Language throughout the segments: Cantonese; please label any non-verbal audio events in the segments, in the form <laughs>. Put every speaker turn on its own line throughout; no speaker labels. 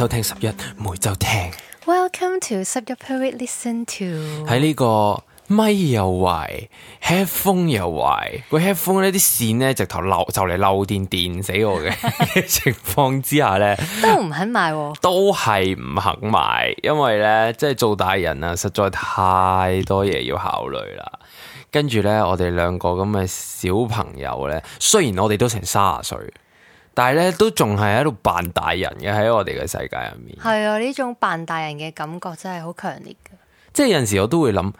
收聽十一，每周聽。
Welcome to 十一 period listen to、這
個。喺呢個咪又壞，headphone 又壞，個 headphone 呢啲線呢直頭漏，就嚟漏電電死我嘅 <laughs> 情況之下呢，都唔肯買、哦，都係唔肯買，因為呢即係做大人啊，實在太多嘢要考慮啦。跟住呢，我哋兩個咁嘅小朋友呢，雖然我哋都成三十歲。但係咧，都仲係喺度扮大人嘅，喺我哋嘅世界入面。
係啊，呢種扮大人嘅感覺真係好強烈嘅。
即係有陣時我都會諗，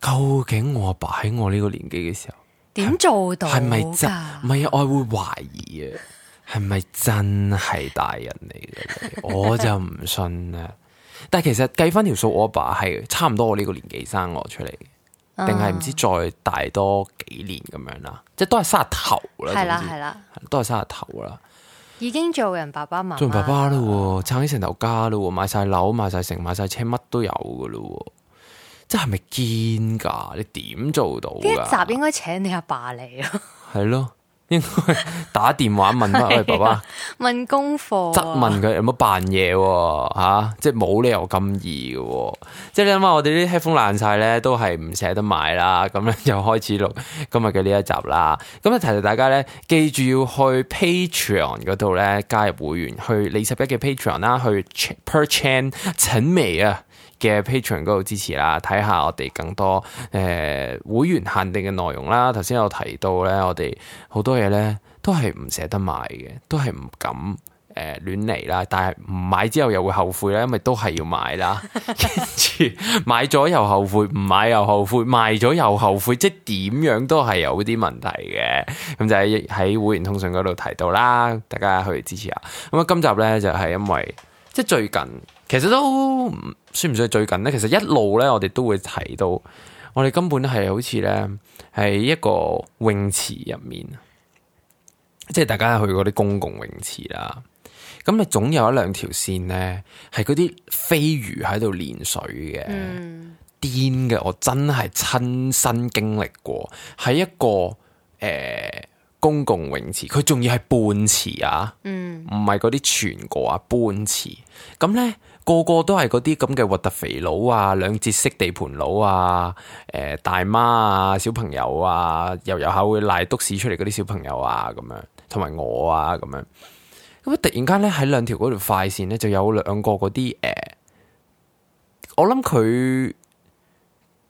究竟我阿爸喺我呢個年紀嘅時候
點做到？係咪真？
唔係啊，我會懷疑啊，係咪真係大人嚟嘅？ <laughs> 我就唔信啦。但係其實計翻條數，我阿爸係差唔多我呢個年紀生我出嚟。定係唔知再大多幾年咁樣啦，即係都係生日頭啦，係啦係啦，都係生日頭啦。
已經做人爸爸嘛，做人爸爸
啦，撐起成頭家啦，買晒樓，買晒城，買晒車，乜都有噶啦，即係咪堅噶？你點做到？呢一集
應該請你阿爸嚟
啊。係咯。應該 <laughs> 打電話問佢爸爸，
問功課，質問
佢有冇扮嘢，吓、啊，即係冇理由咁易嘅、啊，即係你諗下我哋啲 headphone 爛晒咧，都係唔捨得買啦，咁咧就開始錄今日嘅呢一集啦。咁咧提提大家咧記住要去 Patreon 嗰度咧加入會員，去拾壹嘅 Patreon 啦，去 perchance 請眉啊！嘅 Patreon 嗰度支持啦，睇下我哋更多誒、呃、會員限定嘅內容啦。頭先有提到咧，我哋好多嘢咧都係唔捨得買嘅，都係唔敢誒亂嚟啦。但係唔買之後又會後悔咧，因為都係要買啦。跟 <laughs> 住買咗又後悔，唔買又後悔，賣咗又後悔，即係點樣都係有啲問題嘅。咁就喺喺會員通訊嗰度提到啦，大家去支持下。咁啊，今集咧就係、是、因為即係最近。其實都算唔算最近咧？其實一路咧，我哋都會提到，我哋根本係好似咧，喺一個泳池入面，即係大家去嗰啲公共泳池啦。咁你總有一兩條綫咧，係嗰啲飛魚喺度練水嘅癲嘅。我真係親身經歷過，喺一個誒、呃、公共泳池，佢仲要係半池啊，唔係嗰啲全國啊，半池咁咧。個個都係嗰啲咁嘅核突肥佬啊，兩節式地盤佬啊，誒、呃，大媽啊，小朋友啊，又又下會賴督屎出嚟嗰啲小朋友啊，咁樣，同埋我啊，咁樣，咁突然間咧喺兩條嗰條快線咧就有兩個嗰啲誒，我諗佢。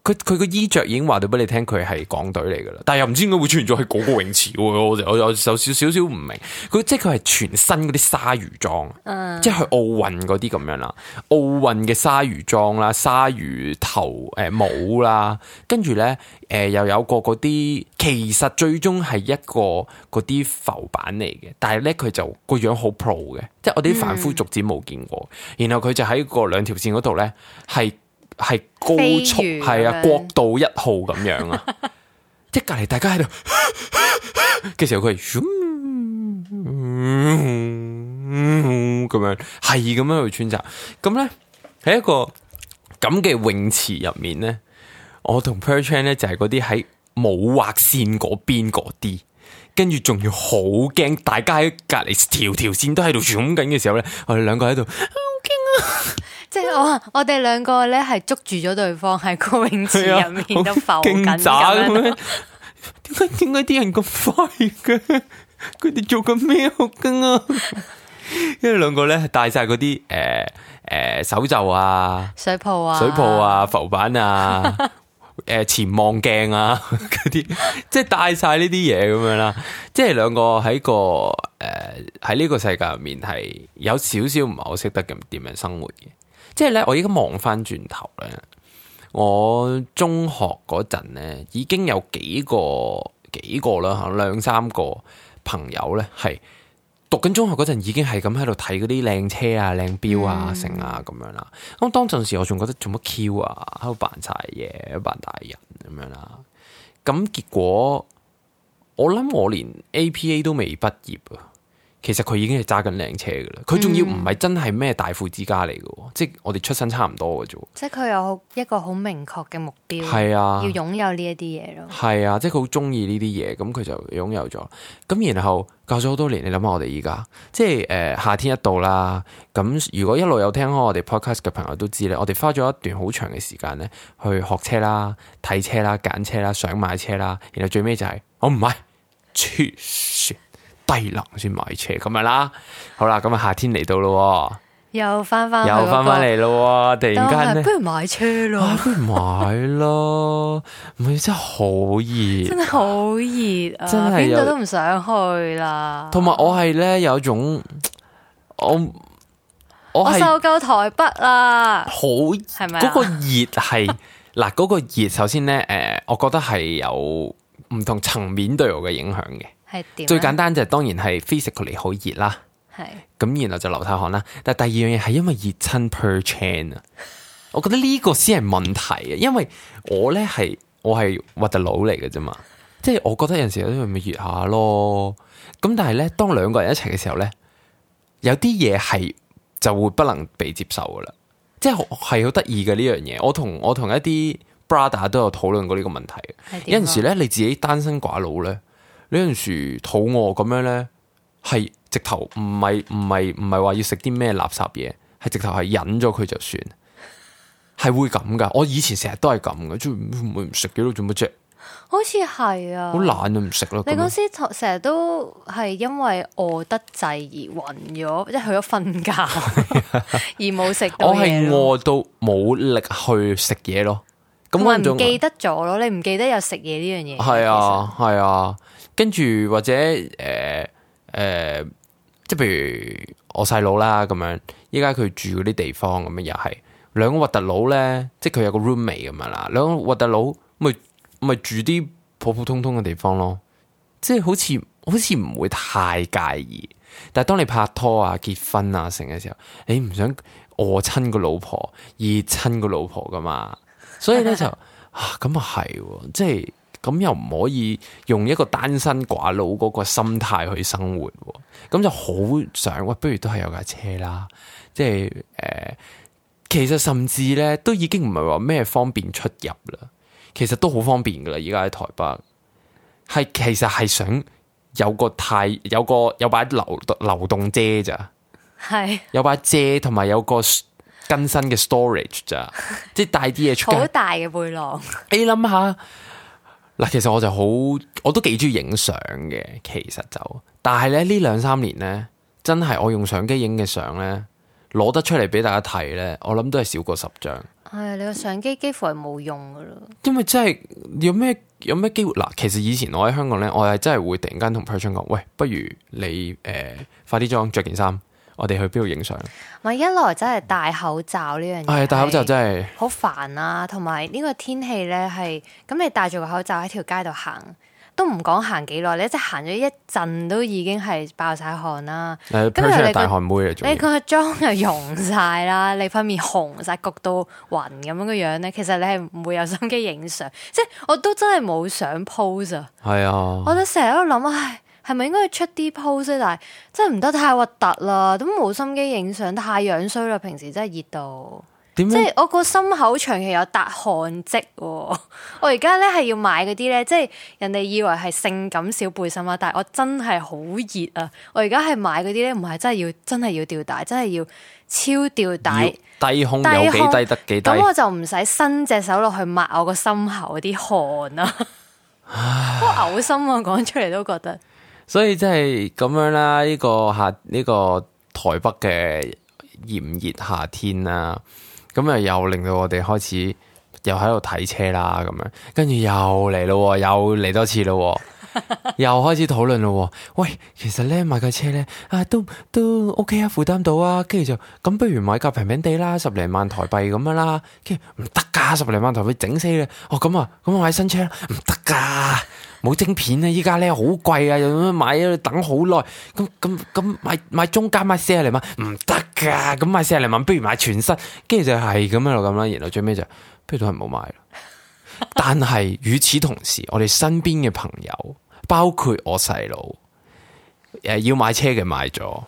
佢佢個衣着已經話到俾你聽，佢係港隊嚟噶啦，但係又唔知點解會出現咗喺嗰個泳池，我我有少少少唔明。佢即係佢係全新嗰啲鯊魚裝，嗯、即係奧運嗰啲咁樣啦，奧運嘅鯊魚裝啦，鯊魚頭誒、呃、帽啦，跟住咧誒又有個嗰啲，其實最終係一個嗰啲浮板嚟嘅，但係咧佢就個樣好 pro 嘅，即係我哋啲凡夫俗子冇見過。嗯、然後佢就喺個兩條線嗰度咧係。係高速，係啊，國道一號咁樣啊，即隔籬大家喺度嘅時候，佢係咁樣，係咁樣去穿插。咁咧喺一個咁嘅泳池入面咧，我同 Perch 咧就係嗰啲喺冇劃綫嗰邊嗰啲，跟住仲要好驚，大家喺隔籬條條綫都喺度湧緊嘅時候咧，alone，我哋兩個喺度好驚
啊！ <laughs> 即係我我哋兩個咧係捉住咗對方喺
個泳池入面咁浮緊咁樣，點解點解啲人咁快嘅？佢哋做緊咩好驚啊？因為兩個咧帶晒嗰啲誒誒手袖啊、
水泡啊、水泡啊、
浮板啊、誒潛、 <laughs> 呃、望鏡啊啲， <laughs> 即係帶晒呢啲嘢咁樣啦。即係兩個喺個誒喺呢個世界入面係有少少唔係好識得咁點樣生活嘅。即係咧，我而家望翻轉頭咧，我中學嗰陣咧已經有幾個幾個啦，吓，兩三個朋友咧係讀緊中學嗰陣，已經係咁喺度睇嗰啲靚車啊、靚錶啊、嗯、成啊咁樣啦。咁當陣時，我仲覺得做乜 Q 啊，喺度扮晒嘢、扮大人咁樣啦。咁結果我諗我連 APA 都未畢業啊。其實佢已經係揸緊靚車噶啦，佢仲要唔係真係咩大富之家嚟噶，嗯、即係我哋出身差唔多嘅啫。
即係佢有一個好明確嘅目標，係啊，要擁有呢一啲嘢咯。
係啊，即係佢好中意呢啲嘢，咁佢就擁有咗。咁然後教咗好多年，你諗下我哋而家，即係誒、呃、夏天一到啦，咁如果一路有聽開我哋 podcast 嘅朋友都知咧，我哋花咗一段好長嘅時間咧，去學車啦、睇車啦、揀車啦、想買車啦，然後最尾就係我唔係，oh 滯冷先買車咁咪啦。好啦，咁啊夏天嚟到咯，
又翻翻，那個、又翻翻嚟
咯，突然間不如買車咯，啊、不如買咯，唔係真係好熱，
真係好熱啊，邊度都唔想去啦。
同埋我係咧有一種，我我受
夠台北啦，
好係咪啊？嗰個熱係嗱，嗰 <laughs> 個熱首先咧，誒、呃，我覺得係有唔同層面對我嘅影響嘅。最簡單就係、是、當然係 physically 好熱啦，係咁然後就流太汗啦。但係第二樣嘢係因為熱親 per chain 啊，我覺得呢個先係問題啊。因為我咧係我係核突佬嚟嘅啫嘛，即係我覺得有陣時都咪熱下咯。咁但係咧，當兩個人一齊嘅時候咧，有啲嘢係就會不能被接受噶啦。即係係好得意嘅呢樣嘢。我同我同一啲 brother 都有討論過呢個問題。有陣時咧，你自己單身寡佬咧。呢陣時肚餓咁樣咧，係直頭唔係唔係唔係話要食啲咩垃圾嘢，係直頭係忍咗佢就算，係會咁噶。我以前成日都係咁嘅，做唔會唔食嘅咯，做乜啫？
好似係啊，好
懶啊，唔食咯。你嗰時
成日都係因為餓得滯而暈咗，即係去咗瞓覺而冇食。我係餓
到冇力去食嘢咯，咁我唔記
得咗咯，你唔記得有食嘢呢樣嘢？係啊，
係啊。跟住或者誒誒、呃呃，即係譬如我細佬啦咁樣，依家佢住嗰啲地方咁樣又係兩個核突佬咧，即係佢有個 roommate 咁樣啦，兩個核突佬咪咪住啲普普通通嘅地方咯，即係好似好似唔會太介意，但係當你拍拖啊結婚啊成嘅時候，你唔想餓親個老婆熱親個老婆噶嘛，所以咧、 <laughs> 啊、就啊咁啊係，即係。咁又唔可以用一個單身寡佬嗰個心態去生活，咁就好想喂，不如都係有架車啦，即係誒、呃，其實甚至咧都已經唔係話咩方便出入啦，其實都好方便噶啦，而家喺台北係其實係想有個太有個有把流流動遮咋，係是有把遮同埋有個更新嘅 storage 咋，即係帶啲嘢出去，好 <laughs> 大嘅背囊，你諗下。嗱，其實我就好，我都幾中意影相嘅。其實就，但係咧呢兩三年咧，真係我用相機影嘅相咧，攞得出嚟俾大家睇咧，我諗都係少過十張。
係、啊，你個相機幾乎係冇用噶咯。
因為真係有咩有咩機會嗱，其實以前我喺香港咧，我係真係會突然間同 Production 講，喂，不如你誒、呃、快啲裝，着件衫。我哋去邊度影相？
咪一來真係戴口罩呢樣嘢，係、哎、戴口罩真係好煩啊，同埋呢個天氣咧，係咁你戴住個口罩喺條街度行，都唔講行幾耐，你即係行咗一陣都已經係爆晒汗啦。誒、
哎，跟住你大汗妹嚟，你
個妝又溶晒啦， <laughs> 你塊面紅晒，焗到暈咁樣嘅樣咧。其實你係唔會有心機影相，即係我都真係冇想 pose。
係啊，哎、呀我
都成日喺度諗，唉。係咪應該要出啲 pose 但係真係唔得太核突啦！都冇心機影相，太樣衰啦！平時真係熱到，樣即係我個心口長期有搭汗跡。我而家咧係要買嗰啲咧，即係人哋以為係性感小背心啦。但我真係好熱啊！我而家係買嗰啲咧，唔係真係要，真係要吊帶，真係要超吊帶，
低胸有幾低,低胸,低,胸有低得幾多。咁我
就唔使伸隻手落去抹我個心口啲汗啦。好 <laughs> 嘔心啊！講出嚟都覺得。
所以即係咁樣啦，呢個夏呢個台北嘅炎熱夏天啦，咁啊又令到我哋開始又喺度睇車啦，咁樣跟住又嚟咯，又嚟多次咯，又開始討論咯。喂，其實咧買架車咧啊都都 OK 啊，負擔到啊。跟住就咁，不如買架平平地啦，十零萬台幣咁樣啦。跟住唔得噶，十零萬台幣整死你。哦咁啊，咁我買新車唔得噶。冇晶片啊！依家咧好貴啊，買要、啊、等好耐。咁咁咁買買中間買四十零萬唔得噶，咁、啊、買四十零萬不如買全新。跟住就係咁樣又咁啦。然後最尾就是，不如都係唔好買。但係與此同時， <laughs> 我哋身邊嘅朋友，包括我細佬，誒要買車嘅買咗，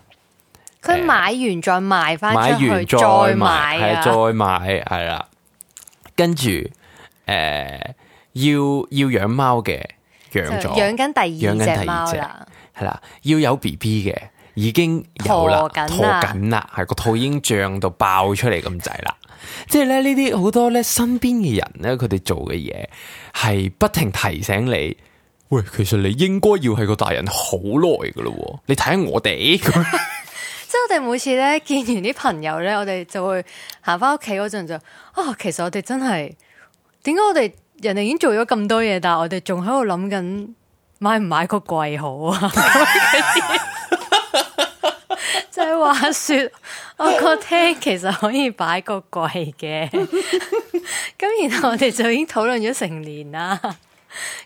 佢買完再買翻，買完再買係再
買係啦。 <laughs> 跟住誒、呃、要要養貓嘅。養咗養緊第二隻貓啦，係啦了，要有 B B 嘅，已經有啦，陀緊啦，係個肚已經脹到爆出嚟咁滯啦， <laughs> 即係咧呢啲好多咧身邊嘅人咧，佢哋做嘅嘢係不停提醒你，喂，其實你應該要係個大人好耐噶咯，你睇下我哋， <laughs> <laughs> 即
係我哋每次咧見完啲朋友咧，我哋就會行翻屋企嗰陣就啊、哦，其實我哋真係點解我哋？人哋已經做咗咁多嘢，但係我哋仲喺度諗緊買唔買個櫃
好啊！
<laughs> 就係話説，我個廳其實可以擺個櫃嘅，咁然後我哋就已經討論咗成年啦。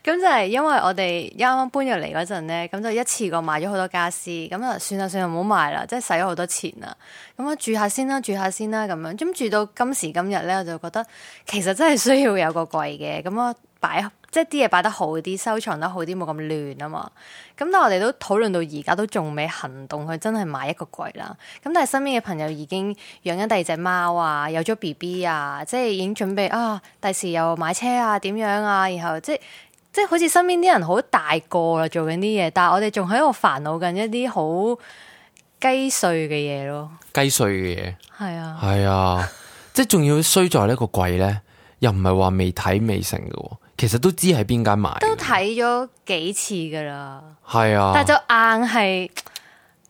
咁 <laughs> 就係因為我哋啱啱搬入嚟嗰陣咧，咁就一次過買咗好多家私，咁啊算啦算啦，唔好買啦，即係使咗好多錢啦。咁啊住下先啦、啊，住下先啦、啊，咁樣，咁住到今時今日咧，我就覺得其實真係需要有個櫃嘅，咁啊擺即係啲嘢擺得好啲，收藏得好啲，冇咁亂啊嘛。咁但係我哋都討論到而家都仲未行動去，真係買一個櫃啦。咁但係身邊嘅朋友已經養緊第二隻貓啊，有咗 BB 啊，即係已經準備啊，第時又買車啊，點樣啊？然後即係即係好似身邊啲人好大個啦，做緊啲嘢，但係我哋仲喺度煩惱緊一啲好雞碎嘅嘢咯。
雞碎嘅嘢係啊，係啊，啊 <laughs> 即係仲要衰在個櫃，呢個櫃咧，又唔係話未睇、未成嘅。其實都知喺邊間買，
都睇咗幾次噶啦。
係是啊，但就
硬係，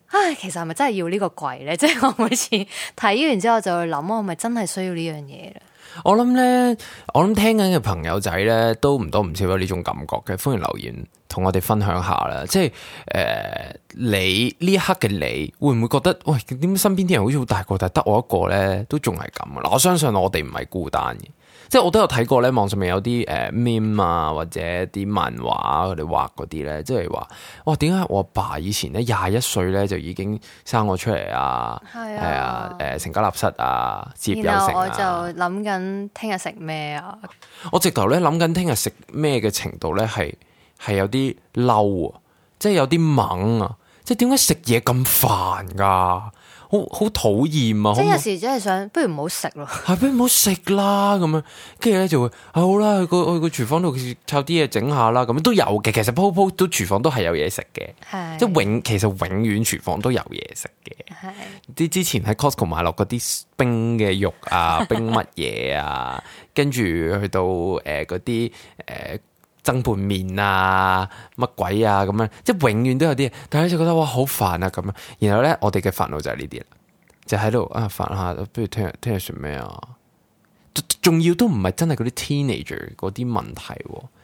唉，其實係咪真係要個呢個櫃咧？即 <laughs> 係我每次睇完之後就會諗，我咪真係需要呢樣嘢咧？
我諗咧，我諗聽緊嘅朋友仔咧都唔多唔少有呢種感覺嘅，歡迎留言同我哋分享下啦。即係誒、呃，你呢一刻嘅你，會唔會覺得喂？點？身邊啲人好似好大個，但係得我一個咧，都仲係咁嗱。我相信我哋唔係孤單嘅。即係我都有睇過咧，網上面有啲誒 Meme 啊，或者啲漫畫佢哋畫嗰啲咧，即係話哇，點解我阿爸以前咧廿一歲咧就已經生我出嚟啊？係啊，誒、呃呃，成家立室啊，接有成啊。然後我就
諗緊聽日食咩啊？
我直頭咧諗緊聽日食咩嘅程度咧，係係有啲嬲啊，即係有啲猛啊，即係點解食嘢咁煩噶？好好討厭啊！即係有
時真係想，不，不如唔好食咯。
係， <laughs> 不如唔好食啦咁樣。跟住咧就會，啊、好啦，去去去廚房度，佢摷啲嘢整下啦。咁都有嘅，其實鋪鋪都廚房都係有嘢食嘅。係是的，即係永其實永遠廚房都有嘢食嘅。係，啲之前喺 Costco 買落嗰啲冰嘅肉啊， <laughs> 冰乜嘢啊，跟住去到誒嗰啲誒。呃爭拌麵啊，乜鬼啊咁樣，即係永遠都有啲嘢，但係你就覺得哇好煩啊咁樣。然後咧，我哋嘅煩惱就係呢啲啦，就喺度啊煩下，不如聽日聽日算咩啊？仲要都唔係真係嗰啲 teenager 嗰啲問題，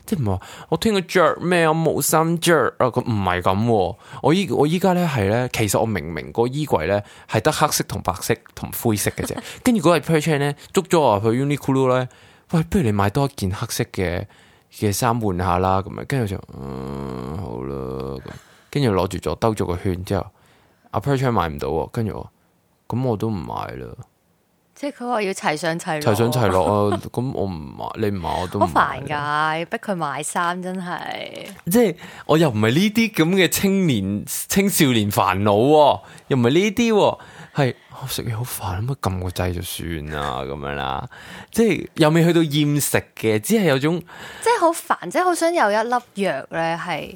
即係唔係話我聽個着咩我冇衫着啊？佢唔係咁，我依我依家咧係咧，其實我明明個衣櫃咧係得黑色同白色同灰色嘅啫。跟住嗰日 perch 咧捉咗我去 uniqlo 咧，喂，不如你買多一件黑色嘅。嘅衫換下啦，咁咪跟住就，嗯，好啦，跟住攞住咗兜咗個圈之後，阿 Perch 買唔到，跟住我，咁我都唔買啦。
即係佢話要齊上齊落，齊上齊落啊！
咁 <laughs> 我唔買，你唔買我都唔
買。好煩噶，逼佢買衫真係。
即係我又唔係呢啲咁嘅青年青少年煩惱啊，又唔係呢啲，係。我食嘢好煩，咁啊，撳個掣就算啦，咁樣啦，即係又未去到厭食嘅，只係有種
即係好煩，即係好想有一粒藥咧，係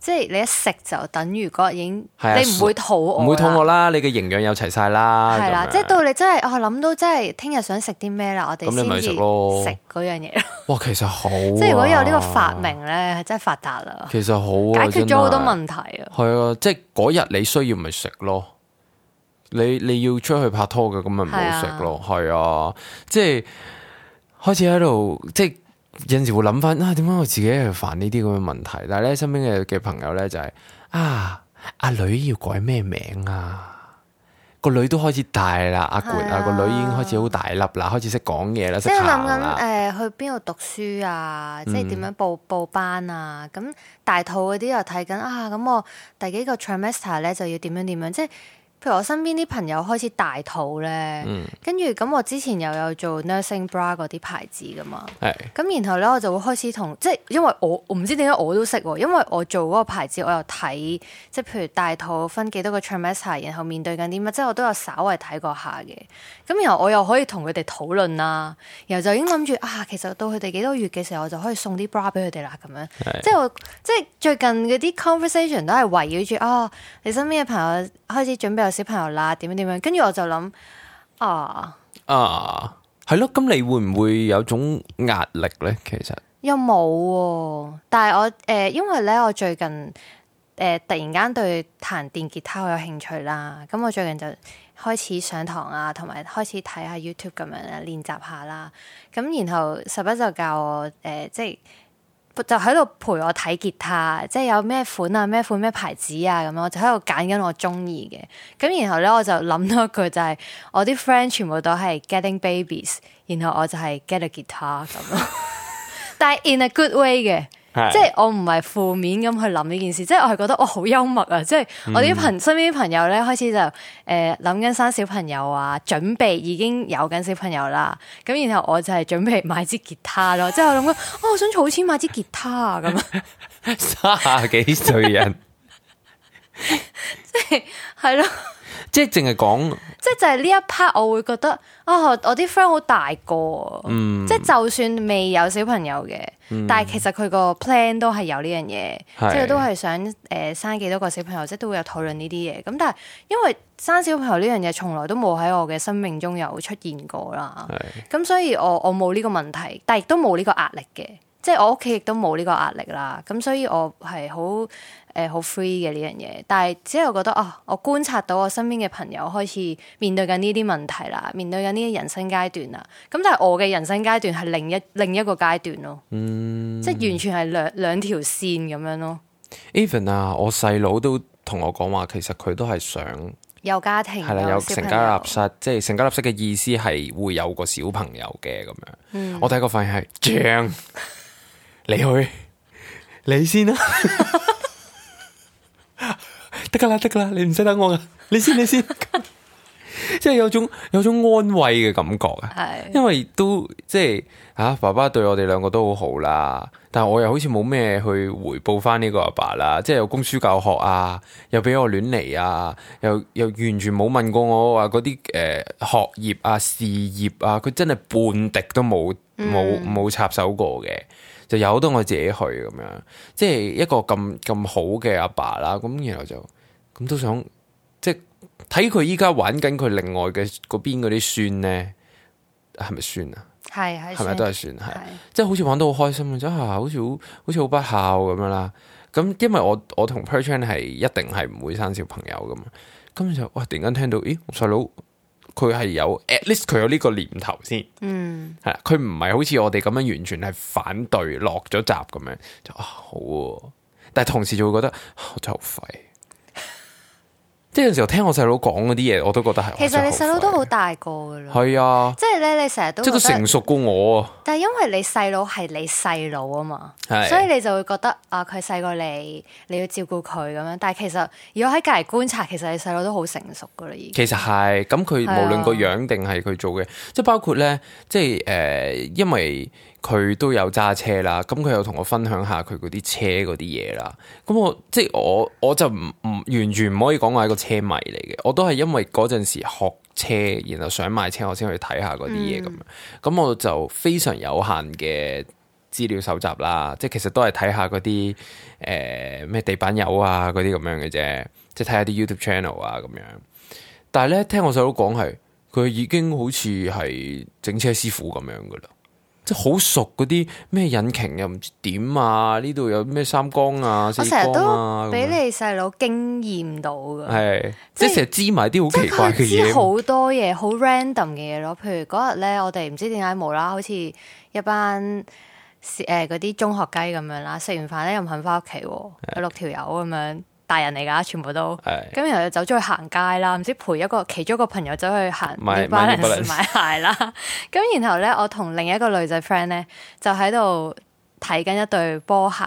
即係你一食就等於嗰日已經， <music> 你唔會肚餓，唔會肚餓啦，
你嘅營養有齊晒啦，係啦， <music> 即係
到你真係我諗到真係聽日想食啲咩啦，我哋先至食嗰樣嘢。
哇， <laughs> 其實好，即係如果有呢個發
明咧，真係發達啦，
其實好解決咗好多問題啊。係啊，即係嗰日你需要咪食咯。你你要出去拍拖嘅，咁咪唔好食咯。係是啊，啊，即、就、係、是、開始喺度，即係有陣時會諗翻啊，點解我自己係煩呢啲咁嘅問題？但係咧，身邊嘅嘅朋友咧就係、是、啊，阿女要改咩名啊？個女都開始大啦，阿冠是啊，啊，個女已經開始好大粒啦，開始識講嘢啦，即係諗緊誒，懂懂嗯、
去邊度讀書啊？即係點樣報報班啊？咁、嗯、大肚嗰啲又睇緊啊？咁我第幾個 trimester 咧就要點樣點樣？即係。即譬如我身邊啲朋友開始大肚咧，嗯、跟住咁我之前又有做 nursing bra 啲牌子，噶嘛，咁係然後咧我就會開始同即係因為我我唔知點解我都識，因為我做個牌子，我又睇即係譬如大肚分幾多個 trimester，然後面對緊啲乜，即係我都有稍微睇過下嘅。咁然後我又可以同佢哋討論啦，然後就已經諗住係啊，其實到佢哋幾多月嘅時候，我就可以送啲 bra 俾佢哋啦咁樣。係即係我即係最近啲 conversation 都係圍繞住啊、哦，你身邊嘅朋友開始準備。小朋友啦，點樣點樣，跟住我就諗，啊
啊，係咯，咁你會唔會有種壓力呢？其實
又冇、啊，但係我誒、呃，因為咧我最近、呃、突然間對彈電吉他好有興趣啦，咁我最近就開始上堂啊，同埋開始睇下 YouTube 咁樣啊，練習下啦，咁然後拾壹就教我誒、呃，即係。就喺度陪我睇吉他，即係有咩款啊，咩款咩牌子啊咁樣，就喺度揀緊我中意嘅。咁然後咧，我就諗到一句就係，我啲 friend 全部都係 getting babies，然後我就係 get a guitar，咁咯，但係 in a good way 嘅。即係我唔係負面咁去諗呢件事，即係我係覺得我好幽默啊！即係我啲朋身邊啲朋友咧、嗯、開始就誒諗緊生小朋友啊，準備已經有緊小朋友啦，咁然後我就係準備買支吉他咯。即係我諗，我想儲錢買支吉他啊咁啊，
卅幾歲人 <laughs>
<laughs> 即，即係係咯。
即係淨係講，
即係就係呢一 part，我會覺得啊、哦，我啲 friend 好大個，嗯，即係就算未有小朋友嘅，嗯、但係其實佢個 plan 是都係有呢樣嘢，即係都係想誒生幾多個小朋友，即係都會有討論呢啲嘢。咁但係因為生小朋友呢樣嘢從來都冇喺我嘅生命中有出現過啦，咁是所以我我冇呢個問題，但係亦都冇呢個壓力嘅，即係我屋企亦都冇呢個壓力啦，咁所以我係好。誒，好 free 嘅呢樣嘢。但係只係我覺得哦，我觀察到我身邊嘅朋友開始面對緊呢啲問題啦，面對緊呢啲人生階段啦，咁但係我嘅人生階段係另一另一個階段咯，嗯，
即係完
全係兩兩條綫咁樣咯。
Even 啊，我細佬都同我講話，其實佢都係想
有家庭，係啦，有成家立
室，即係成家立室嘅意思係會有個小朋友嘅咁樣。嗯、我第一個反應係 James <laughs> <laughs> 你去， <laughs> 你先啦來。 <laughs> <laughs> 得㗎啦，得㗎啦，你唔使等我㗎，你先，你先， <laughs> <laughs> 即係有種有種安慰嘅感覺啊！係的，因為都即係吓、啊，爸爸對我哋兩個都好好啦，但係我又好似冇咩去回報返呢個阿爸，爸啦，即係有供書教學啊，又俾我亂嚟啊，又又完全冇問過我話嗰啲誒學業啊、事業啊，佢真係半滴都冇冇冇插手過嘅，就由得我自己去咁樣，即係一個咁咁好嘅阿爸啦，咁然後就。咁都想，即係睇佢依家玩緊佢另外嘅嗰邊嗰啲孫咧，係咪孫啊？係係係咪都係孫？係 <noise> 即係好似玩得好開心，真、啊、係好似好好似好不孝咁樣啦。咁、啊、因為我我同 Perchian 係一定係唔會生小朋友㗎嘛。咁就哇，突然間聽到咦細佬佢係有 at least 佢有呢個念頭先，嗯，係佢唔係好似我哋咁樣完全係反對落咗閘咁樣，就啊好啊，但係同時就會覺得我真好廢。即係有時候聽我細佬講嗰啲嘢，我都覺得係。其實你細
佬都好大個噶啦。
係啊，即係
咧，你成日都即都成熟過我啊。但係因為你細佬係你細佬啊嘛，是的 所以你就會覺得啊，佢細過你，你要照顧佢咁樣。但係其實如果喺隔籬觀察，其實你細佬都好成熟噶啦。已經
其實係咁，佢是、啊、無論個樣定係佢做嘅，即係包括咧，即係誒、呃，因為。佢都有揸車啦，咁佢又同我分享下佢嗰啲車嗰啲嘢啦。咁我即係我我就唔唔完全唔可以講我係個車迷嚟嘅。我都係因為嗰陣時學車，然後想買車，我先去睇下嗰啲嘢咁。咁我就非常有限嘅資料搜集啦，即係其實都係睇下嗰啲誒咩地板油啊嗰啲咁樣嘅啫，即係睇下啲 YouTube channel 啊咁樣。但係咧，聽我細佬講，係佢已經好似係整車師傅咁樣噶啦。即係好熟嗰啲咩引擎又唔知點啊？呢度有咩三缸啊、四缸啊，我成日都俾你
細佬驚艷到㗎，係是即
係成日知埋啲好奇怪嘅嘢，知好
多嘢好 random 嘅嘢咯。譬如嗰日咧，我哋唔知點解冇啦，好似一班誒嗰啲中學雞咁樣啦，食完飯咧，又唔肯翻屋企，有六條友咁樣。是的 大人嚟噶，全部都，咁的然後走咗去行街啦，唔知陪一個其中一個朋友走去行買買鞋啦，咁 <laughs> 然後咧，我同另一個女仔 friend 咧就喺度睇緊一對波鞋。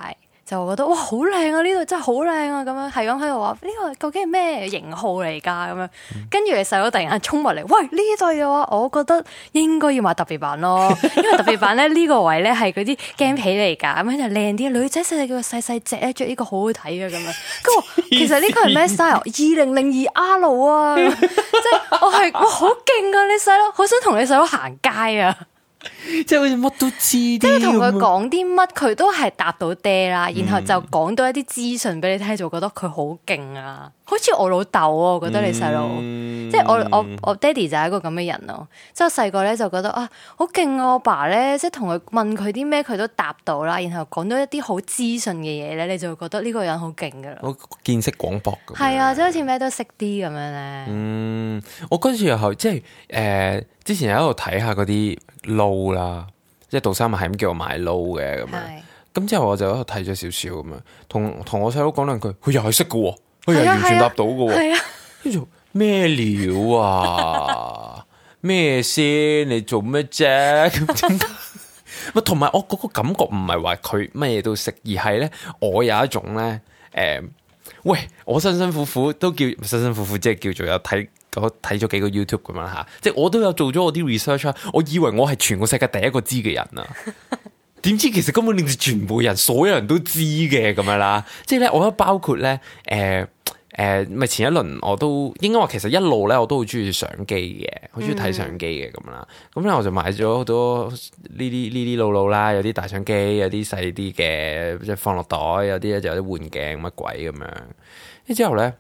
就覺得哇，好靚啊，呢度真係好靚啊，咁樣係咁喺度話，呢個究竟係咩型號嚟噶咁樣？跟住你細佬突然間衝埋嚟，喂，呢對嘅話，我覺得應該要買特別版咯，因為特別版咧呢 <laughs> 個位咧係嗰啲鏡皮嚟噶，咁樣就靚啲。女仔細細個細細隻咧着呢個好好睇嘅，咁樣。跟住其實呢個係咩 style？二零零二 R 啊，即係我係哇，好勁啊！你細佬好想同你細佬行街啊！ <laughs> 即係好似乜都知，即係同佢講啲乜佢都係答到爹啦，嗯、然後就講到一啲資訊俾你聽，就覺得佢好勁啊！好似我老豆啊，我覺得你細佬，嗯、即係我我我爹哋就係一個咁嘅人咯。即係我細個咧就覺得啊，好勁啊！我爸咧，即係同佢問佢啲咩佢都答到啦，然後講到一啲好資訊嘅嘢咧，你就會覺得呢個人好勁噶啦，
好見識廣博噶，係啊，
即係好似咩都識啲咁樣咧。嗯，
我嗰陣時係即係誒。呃之前喺度睇下嗰啲撈啦，即係杜生咪係咁叫我買撈嘅咁樣，咁之後我就喺度睇咗少少咁樣，同同我細佬講兩句，佢又係識嘅，佢又完全答到嘅，叫做咩料啊？咩先？ <laughs> 你做咩啫？咁唔同埋我嗰個感覺唔係話佢乜嘢都識，而係咧我有一種咧，誒、嗯，喂，我辛辛苦苦都叫辛辛苦苦，即係叫做有睇。睇咗幾個 YouTube 咁樣吓，即係我都有做咗我啲 research，我以為我係全個世界第一個知嘅人啊！點知其實根本連全部人，所有人都知嘅咁樣啦。即係咧，我包括咧，誒、呃、誒，咪、呃、前一輪我都應該話，其實一路咧我都好中意相機嘅，好中意睇相機嘅咁啦。咁咧、嗯、我就買咗好多呢啲呢啲路路啦，有啲大相機，有啲細啲嘅，即係放落袋，有啲咧就有啲換鏡乜鬼咁樣。之後咧，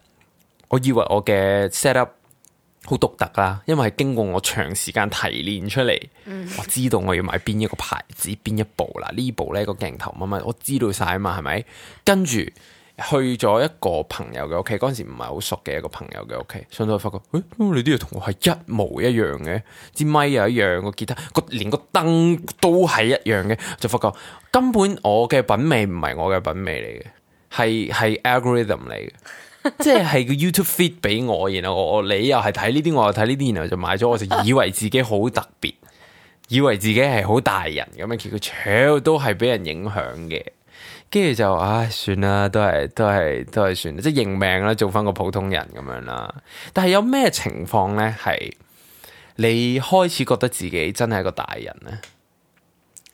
我以為我嘅 set up。好獨特啦，因為係經過我長時間提煉出嚟，mm hmm。我知道我要買邊一個牌子邊一部啦。部呢部咧個鏡頭乜乜，我知道晒啊嘛，係咪？跟住去咗一個朋友嘅屋企，嗰陣時唔係好熟嘅一個朋友嘅屋企，上到去發覺，誒，你啲嘢同我係一模一樣嘅，支咪，咪又一樣，個吉他個連個燈都係一樣嘅，就發覺根本我嘅品味唔係我嘅品味嚟嘅，係係 algorithm 嚟嘅。即係個 YouTube feed 俾我，然後我你又係睇呢啲，我又睇呢啲，然後就買咗，我就以為自己好特別，以為自己係好大人咁樣，結果全都係俾人影響嘅，跟住就唉、哎、算啦，都係都係都係算，即係認命啦，做翻個普通人咁樣啦。但係有咩情況呢？係你開始覺得自己真係一個大人呢？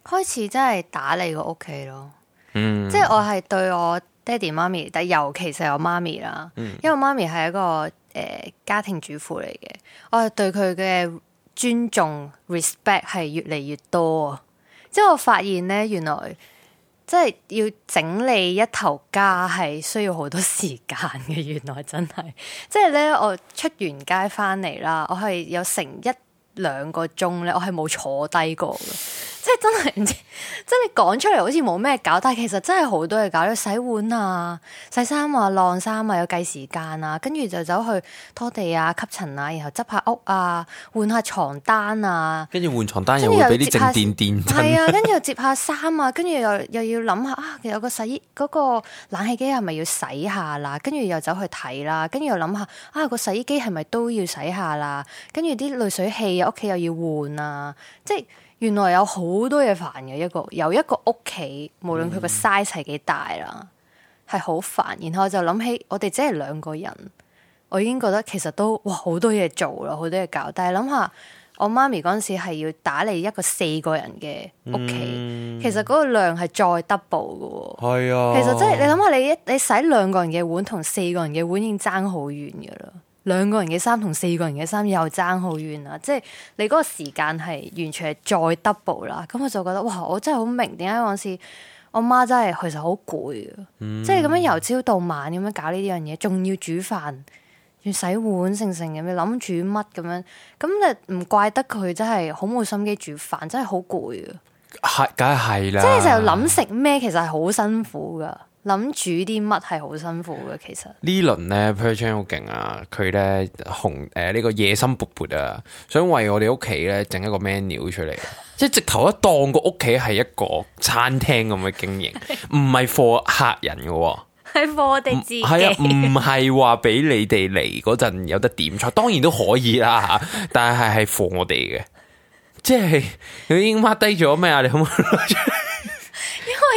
開始真係打理個屋企咯，嗯、
即係我係
對我。爹哋、Daddy，媽咪，但尤其是我媽咪啦，因為我媽咪係一個誒、呃、家庭主婦嚟嘅，我對佢嘅尊重、respect 係越嚟越多啊！即係我發現咧，原來即係要整理一頭家係需要好多時間嘅，原來真係即係咧，我出完街翻嚟啦，我係有成一兩個鐘咧，我係冇坐低過嘅。即係真係唔知，即係你講出嚟好似冇咩搞，但係其實真係好多嘢搞。你洗碗啊、洗衫啊、晾衫啊，又計時間啊，跟住就走去拖地啊、吸塵啊，然後執下屋啊、換下床單啊，跟住
換床單又會俾啲靜電電親。係啊，跟
住又接下衫 <laughs> 啊，跟住、啊、又又要諗下啊，有個洗衣嗰、嗰個冷氣機係咪要洗下啦、啊？跟住又走去睇啦，跟住又諗下啊，想想啊個洗衣機係咪都要洗下啦、啊？跟住啲濾水器啊，屋企又要換啊，即係。原來有好多嘢煩嘅一個，有一個屋企，無論佢個 size 係幾大啦，係好煩。然後我就諗起我哋只係兩個人，我已經覺得其實都哇，好多嘢做咯，好多嘢搞。但係諗下我媽咪嗰陣時係要打理一個四個人嘅
屋企，嗯、其實
嗰個量係再 double 噶
係啊，其實即係你
諗下，你一你，你洗兩個人嘅碗同四個人嘅碗已經爭好遠噶啦。兩個人嘅衫同四個人嘅衫又爭好遠啊！即係你嗰個時間係完全係再 double 啦，咁我就覺得哇！我真係好明點解嗰陣時，我媽媽真係其實好攰啊。嗯、即係咁樣由朝到晚咁樣搞呢啲樣嘢，仲要煮飯、要洗碗等等，成成咁樣諗住乜咁樣，咁誒唔怪得佢真係好冇心機煮飯，真係好攰啊！
係，梗係係啦，即係
成日諗食咩，其實係好辛苦噶。諗煮啲乜係好辛苦嘅，其實
呢輪咧 perchion 好勁啊，佢咧紅誒呢、呃這個野心勃勃啊，想為我哋屋企咧整一個 menu 出嚟，即係直頭一當個屋企係一個餐廳咁嘅經營，唔係 for 客人嘅。
哦，係 for 我哋自己，係、嗯、啊，唔
係話俾你哋嚟嗰陣有得點菜，當然都可以啦吓，但係係 for 我哋嘅，即係你已經 mark 低咗咩啊？你可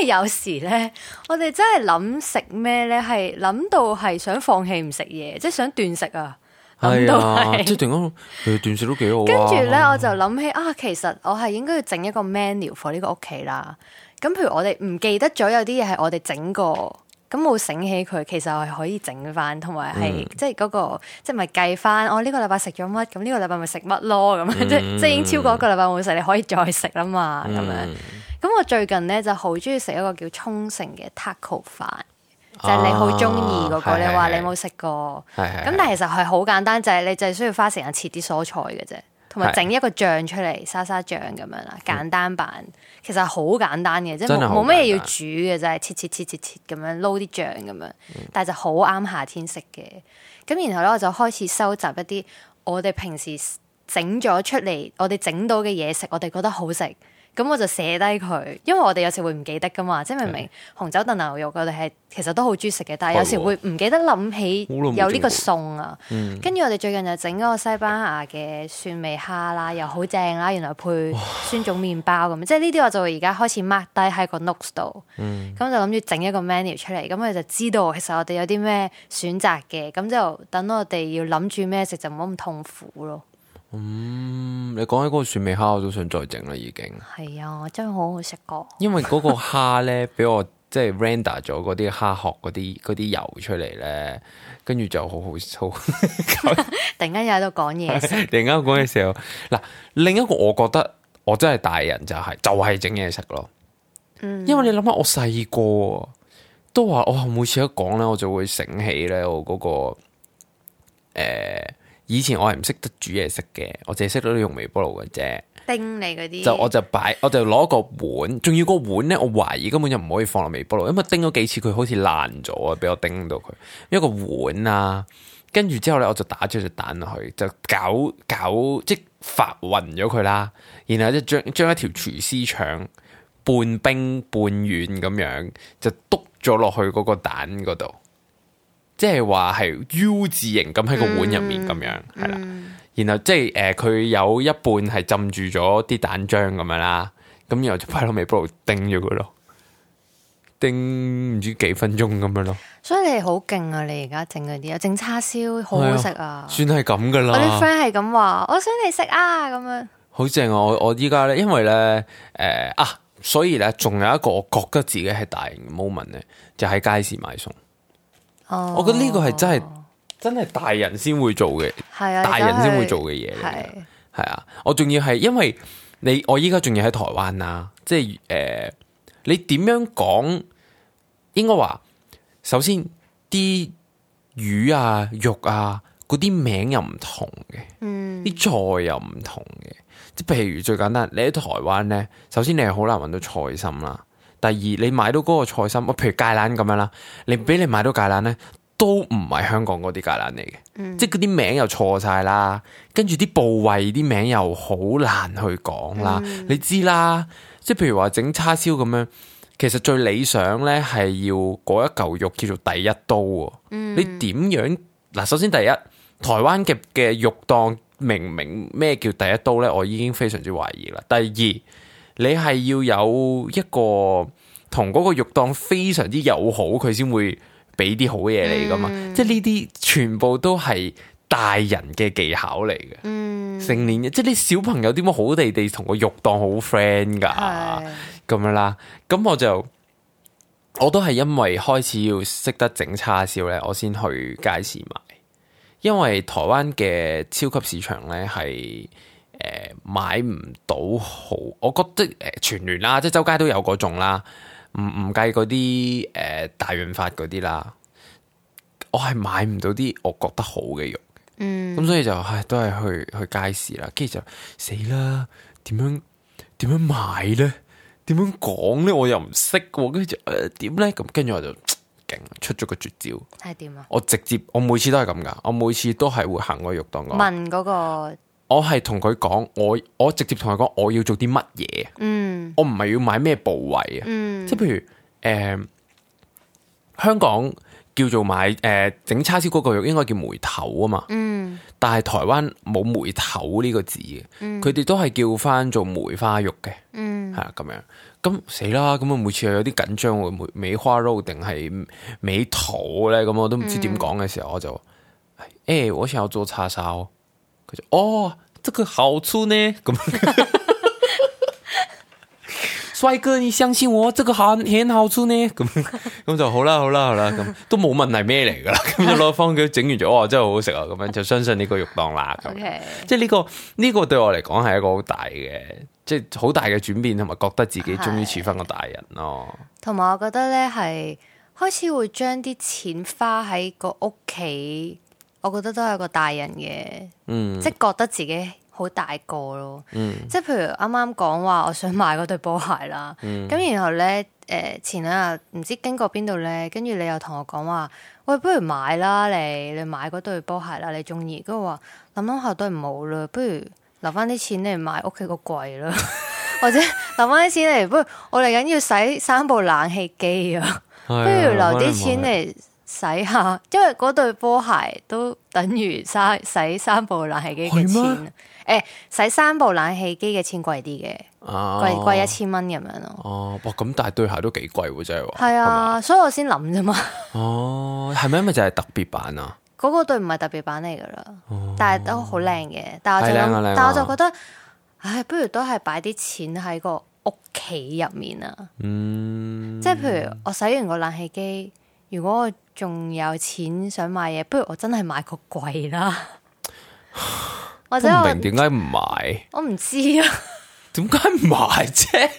因為有時咧，我哋真係諗食咩咧，係諗到係想放棄唔食嘢，即係想斷食啊！
係、哎、呀到啊，即係斷咁，斷食都幾好。跟住咧，我
就諗起啊，其實我係應該要整一個 menu for 呢個屋企啦。咁譬如我哋唔記得咗有啲嘢係我哋整過。咁冇醒起佢，其實係可以整翻，同埋係即係嗰個，即係咪計翻？我、哦、呢、這個禮拜食咗乜？咁、這、呢個禮拜咪食乜咯？咁即即係已經超過一個禮拜冇食，你可以再食吖嘛。咁、嗯、樣咁我最近咧就好中意食一個叫沖繩嘅 taco 飯，
啊、就係你好中意嗰個。的你話你
冇食過，咁的但係其實係好簡單，就係、是、你就需要花時間切啲蔬菜嘅啫。同埋整一個醬出嚟，沙沙醬咁樣啦，簡單版，嗯、其實好簡單嘅，即係冇乜嘢要煮嘅，就係切切切切切咁樣撈啲醬咁樣，樣嗯、但係就好啱夏天食嘅。咁然後咧，我就開始收集一啲我哋平時整咗出嚟，我哋整到嘅嘢食，我哋覺得好食。咁我就寫低佢，因為我哋有時會唔記得㗎嘛，即係明明紅酒燉牛肉我，我哋係其實都好中意食嘅，但係有時會唔記得諗起有呢個餸啊。跟住、嗯、我哋最近就整嗰個西班牙嘅蒜味蝦啦，又好正啦，原來配酸種麵包咁，哇即係呢啲我就而家開始 mark 低喺個 Notes 度。咁、嗯、就諗住整一個 menu 出嚟，咁佢就知道其實我哋有啲咩選擇嘅，咁就等我哋要諗住咩食就唔好咁痛苦咯。
嗯，你講起嗰個蒜味蝦，我都想再整啦，已經
係啊，真係好好食過。
因為嗰個蝦咧，俾我即係 render 咗嗰啲蝦殼嗰啲啲油出嚟咧，跟住就好好粗 <laughs> 。
突然間又喺度講嘢
突然間講嘢時候，嗱，另一個我覺得我真係大人就係就係整嘢食咯。嗯，因為你諗下我細個都話，我、哦、每次一講咧，我就會醒起咧、那個，我嗰個誒。以前我係唔識得煮嘢食嘅，我淨係識得用微波爐嘅啫。
叮你嗰啲，就我
就擺，我就攞個碗，仲要個碗咧，我懷疑根本就唔可以放落微波爐，因為叮咗幾次佢好似爛咗啊！俾我叮到佢，一個碗啊，跟住之後咧，我就打咗隻蛋落去，就搞搞即係發暈咗佢啦。然後即係將，將一條廚師腸半冰半軟咁樣，就篤咗落去嗰個蛋嗰度。即係話係 U 字形，咁喺個碗入面咁樣，係啦。然後即係誒，佢、呃、有一半係浸住咗啲蛋漿咁樣啦。咁然後就擺落微波爐叮咗佢咯，叮唔知幾分鐘咁樣咯。樣
所以你好勁啊！你而家整嗰啲啊，整叉燒好好食啊！
算係咁噶啦。我啲 friend
係咁話，我想你食啊！咁樣
好正啊！我我依家咧，因為咧誒、呃、啊，所以咧仲有一個我覺得自己係大型 moment 咧，就喺街市買餸。我覺得呢個係真係真係大人先會做嘅，
係啊的，大人先會做嘅嘢，係
係啊。我仲要係因為你，我依家仲要喺台灣啦，即係誒、呃，你點樣講？應該話，首先啲魚啊、肉啊嗰啲名又唔同嘅，啲、嗯、菜又唔同嘅，即係譬如最簡單，你喺台灣咧，首先你係好難搵到菜心啦。第二，你買到嗰個菜心，我譬如芥蘭咁樣啦，你俾、mm. 你買到芥蘭咧，都唔係香港嗰啲芥蘭嚟嘅，mm. 即係嗰啲名又錯晒啦。跟住啲部位啲名又好難去講啦，mm. 你知啦。即係譬如話整叉燒咁樣，其實最理想咧係要嗰一嚿肉叫做第一刀。Mm. 你點樣？嗱，首先第一，台灣嘅嘅肉檔明唔明咩叫第一刀咧，我已經非常之懷疑啦。第二。你係要有一個同嗰個肉檔非常之友好，佢先會俾啲好嘢你噶嘛？Mm. 即係呢啲全部都係大人嘅技巧嚟嘅，成年嘅。即係啲小朋友點解好哋哋同個肉檔好 friend 噶、啊？咁是樣啦。咁我就我都係因為開始要識得整叉燒咧，我先去街市買，因為台灣嘅超級市場咧係。誒、呃，買唔到好，我覺得誒、呃、全聯啦，即係周街都有嗰種啦，唔唔計嗰啲誒大潤發嗰啲啦，我係買唔到啲我覺得好嘅肉，嗯，咁所以就唉都係去去街市啦，跟住就死啦，點樣點樣買咧？點樣講咧？我又唔識、啊，跟住誒點咧？咁跟住我就勁出咗個絕招，係點啊？我直接我每次都係咁噶，我每次都係會行個肉檔，
問嗰、嗰個。
我係同佢講，我我直接同佢講，我要做啲乜嘢？嗯，我唔係要買咩部位啊？嗯、即係譬如誒、呃，香港叫做買誒整、呃、叉燒嗰個肉應該叫梅頭啊嘛。嗯，但係台灣冇梅頭呢個字嘅，佢哋、嗯、都係叫翻做梅花肉嘅。嗯，係啦咁樣，咁死啦，咁啊每次有啲緊張，梅梅花肉定係梅頭咧？咁我都唔知點講嘅時候，我就誒、嗯欸，我想做叉燒。就哦，即、這、佢、個、好粗呢？咁，帥哥，你相信我，即佢好，很好粗呢？咁 <laughs> 咁 <laughs> 就好啦，好啦，好啦，咁都冇問係咩嚟㗎啦。咁 <laughs> <laughs> 就攞返佢，整完咗，哇，真係好好食啊！咁樣就相信呢個肉檔啦。咁，Okay. 即係、這、呢個呢、這個對我嚟講係一個好大嘅，即係好大嘅轉變，同埋覺得自己終於處翻個大人咯。
同埋我覺得咧，係開始會將啲錢花喺個屋企。我覺得都係一個大人嘅，嗯、即係覺得自己好大個咯。嗯、即係譬如啱啱講話我想買嗰對波鞋啦，咁、嗯、然後咧，誒前兩日唔知經過邊度咧，跟住你又同我講話，喂，不如買啦，你你買嗰對波鞋啦，你中意。跟住我話諗諗下都係冇啦，不如留翻啲錢嚟買屋企個櫃啦， <laughs> <laughs> <laughs> 或者留翻啲錢嚟，不如我嚟緊要使三部冷氣機啊，不如留啲錢嚟。洗下，因為嗰對波鞋都等於洗洗三部冷氣機嘅錢。誒，洗三部冷氣機嘅錢貴啲嘅，
貴貴一千
蚊咁樣咯。
哦，哇，咁但係對鞋都幾貴真係喎。
係啊，所以我先諗啫嘛。
哦，係咪咪就係特別版啊？
嗰個對唔係特別版嚟噶啦，但係都好靚嘅。但係我就但係我就覺得，唉，不如都係擺啲錢喺個屋企入面啊。嗯，
即係譬如
我洗完個冷氣機。如果我仲有錢想買嘢，不如我真係買個櫃啦，
啊。
我都唔明點
解唔買，
我唔知啊。
點解唔買啫？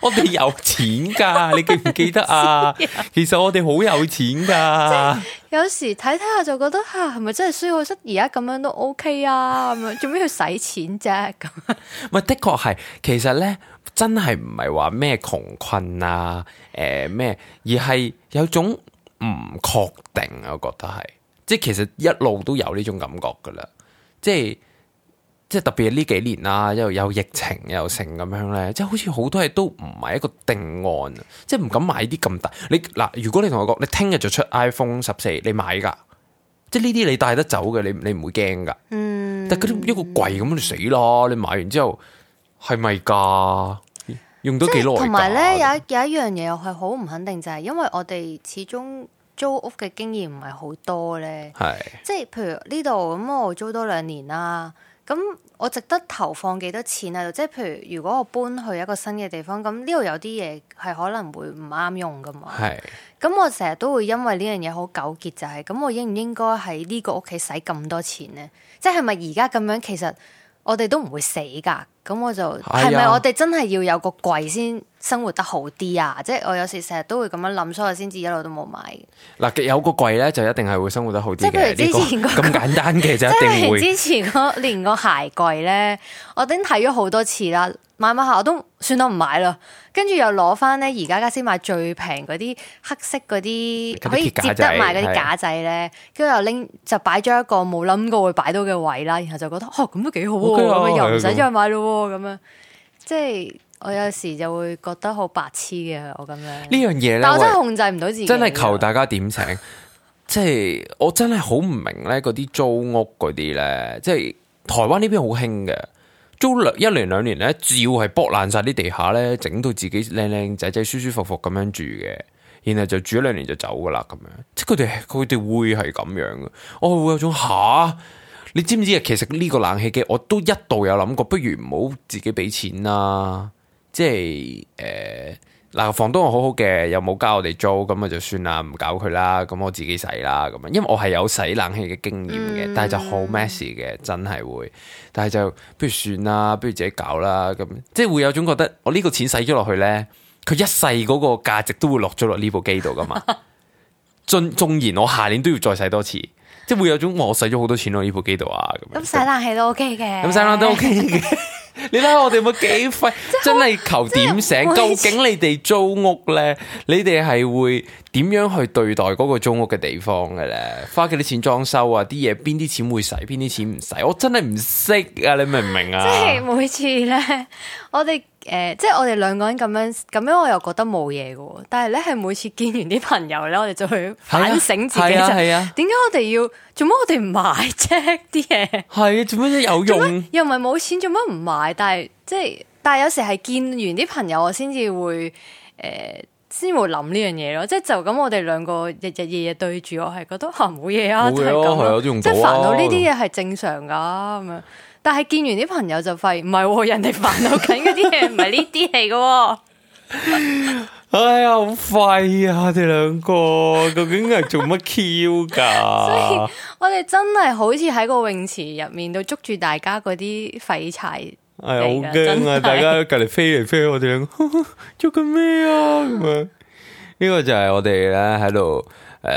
我哋有錢噶， <laughs> 你記唔記得啊？ <laughs> 其實我哋好有錢噶， <laughs> 就是。
有時睇睇下就覺得吓，係、啊、咪真係需要？我而家咁樣都 OK 啊，咁樣做咩要使錢啫？
咁， <laughs> <laughs> 唔係的確係，其實咧真係唔係話咩窮困啊，誒、呃、咩，而係有種。唔確定啊，我覺得係，即係其實一路都有呢種感覺噶啦，即係即係特別係呢幾年啦，又有疫情又成咁樣咧，即係好似好多嘢都唔係一個定案，即係唔敢買啲咁大，你嗱，如果你同我講你聽日就出 iPhone 十四，你買噶，即係呢啲你帶得走嘅，你你唔會驚噶，嗯，但係嗰啲一個櫃咁你死咯，你買完之後係咪噶，用多幾耐，同埋
咧有呢有，有，有一樣嘢又係好唔肯定就係、是，因為我哋始終。租屋嘅經驗唔係好多咧，是即係譬如呢度咁，我租多兩年啦，啊。咁我值得投放幾多錢喺、啊、度？即係譬如，如果我搬去一個新嘅地方，咁呢度有啲嘢係可能會唔啱用噶嘛？咁是我成日都會因為呢樣嘢好糾結，就係，就係咁，我應唔應該喺呢個屋企使咁多錢咧？即係咪而家咁樣，其實我哋都唔會死噶。咁我就係咪我哋真係要有個櫃先生活得好啲啊？即係我有時成日都會咁樣諗，所以我先至一路都冇買。
嗱，有個櫃咧就一定係會生活得好啲。即係譬如之前嗰咁簡單嘅就一定。之
前嗰連個鞋櫃咧，我頂睇咗好多次啦，買買下我都算我唔買咯。跟住又攞翻咧，而家家先買最平嗰啲黑色嗰啲可以接得埋嗰啲架仔咧，跟住又拎就擺咗一個冇諗過會擺到嘅位啦，然後就覺得哦，咁都幾好喎，又唔使再買咯。咁樣，即係我有時就會覺得好白痴嘅。我咁
樣呢樣嘢，但我真係控制
唔 <laughs> 到自己。真係求
大家點請？即係我真係好唔明咧，嗰啲租屋嗰啲咧，即係台灣呢邊好興嘅，租一年兩年咧，只要係剝爛晒啲地下咧，整到自己靚靚仔仔舒舒服服咁樣住嘅，然後就住咗兩年就走噶啦，咁樣。即係佢哋，佢哋會係咁樣嘅，我會有種吓。你知唔知啊？其實呢個冷氣機，我都一度有諗過，不如唔好自己俾錢啦。即係誒，嗱、呃，房東又好好嘅，又冇交我哋租，咁咪就算啦，唔搞佢啦，咁我自己洗啦，咁樣，因為我係有洗冷氣嘅經驗嘅，但係就好 messy 嘅，真係會。但係就不如算啦，不如自己搞啦，咁即係會有種覺得，我呢個錢使咗落去呢，佢一世嗰個價值都會落咗落呢部機度噶嘛。縱縱 <laughs> 然我下年都要再洗多次。即係會有種我使咗好多錢喺呢部機度啊咁
樣。咁洗冷氣都 OK 嘅，咁洗冷都 OK 嘅。 <laughs>
你睇下我哋咁幾費， <laughs> 很真係求點醒？究竟你哋租屋咧，你哋係會點樣去對待嗰個租屋嘅地方嘅咧？花幾多錢裝修啊？啲嘢邊啲錢會使，邊啲錢唔使？我真係唔識啊！你明唔明啊？即係
每次咧，我哋。誒、呃，即係我哋兩個人咁樣，咁樣我又覺得冇嘢噶，但係咧係每次見完啲朋友咧，我哋就去反省自己係啊，點解我哋要做乜？我哋唔買啫啲嘢，
係啊，做乜啫有用？
又唔係冇錢，做乜唔買？但係即係，但係有時係見完啲朋友，我先至會誒，先、呃、會諗呢樣嘢咯。即係就咁，我哋兩個日日夜夜對住，我係覺得吓冇嘢啊，即係即係煩惱呢啲嘢係正常噶咁樣。但係見完啲朋友就廢唔係，人哋煩惱緊嗰啲嘢唔係呢啲嚟嘅。
<laughs> <laughs> 哎呀，好廢啊！我哋兩個究竟係做乜 Q 噶？ <laughs> 所以
我哋真係好似喺個泳池入面度捉住大家嗰啲廢柴，
係好驚啊！大家隔籬飛嚟飛去，我哋捉緊咩啊？咁樣呢個就係我哋咧喺度誒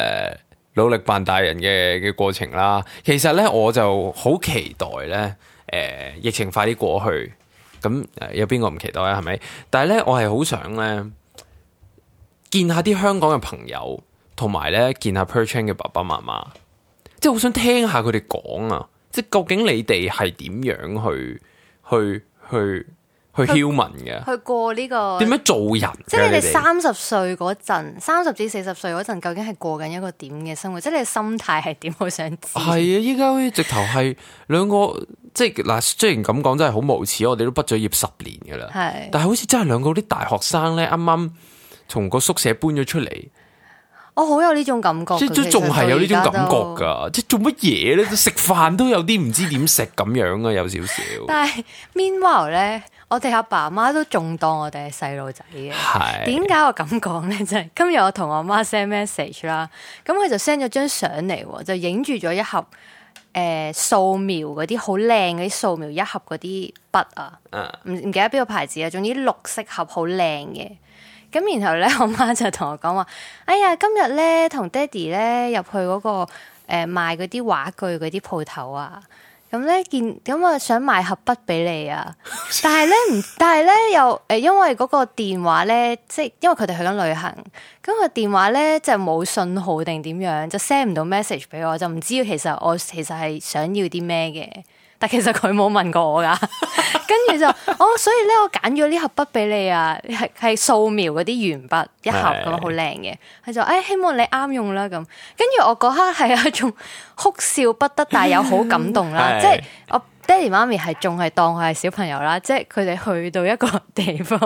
努力扮大人嘅嘅過程啦。其實咧，我就好期待咧，誒、呃、疫情快啲過去，咁、呃、有邊個唔期待咧？係咪？但係咧，我係好想咧見下啲香港嘅朋友，同埋咧見下 Percheng 嘅爸爸媽媽，即係好想聽下佢哋講啊！即係究竟你哋係點樣去去去？去去敲門嘅，去
過呢、這個點樣
做人，啊？即係你哋三
十歲嗰陣，三十至四十歲嗰陣，究竟係過緊一個點嘅生活？即係你心態係點？好想知係
<laughs> 啊！依家好似直頭係兩個，即係嗱，雖然咁講真係好無恥，我哋都畢咗業十年噶啦，是但係好似真係兩個啲大學生咧，啱啱從個宿舍搬咗出嚟，
我好、哦、有呢種感覺，即係仲係有呢種感覺
噶，即係做乜嘢咧？食飯都有啲唔知點食咁樣啊，有少少。 <laughs>
但係 meanwhile 咧。我哋阿爸阿媽都仲當我哋係細路仔嘅，點解係我咁講咧？就係、係、今日我同我媽 send message 啦，咁佢就 send 咗張相嚟喎，就影住咗一盒誒、呃、素描嗰啲好靚嗰啲素描一盒嗰啲筆啊，唔唔記得邊個牌子啊，總之綠色盒好靚嘅。咁然後咧，我媽就同我講話：哎呀，今日咧同爹哋咧入去嗰、嗰個誒、呃、賣嗰啲畫具嗰啲鋪頭啊！咁咧見，咁我想買盒筆俾你啊，但係咧唔，但係咧又誒，因為嗰個電話咧，即因為佢哋去緊旅行，咁個電話咧就冇信號定點樣，就 send 唔到 message 俾我，就唔知其實我其實係想要啲咩嘅。但其實佢冇問過我㗎 <laughs> 就，跟住就哦，所以咧，我揀咗呢盒筆俾你啊，係係素描嗰啲鉛筆一盒咁樣好靚嘅，佢是 就誒、哎、希望你啱用啦咁，跟住我嗰刻係一種哭笑不得，但係又好感動啦，即係我。爹哋媽咪係仲係當佢係小朋友啦，即係佢哋去到一個地方，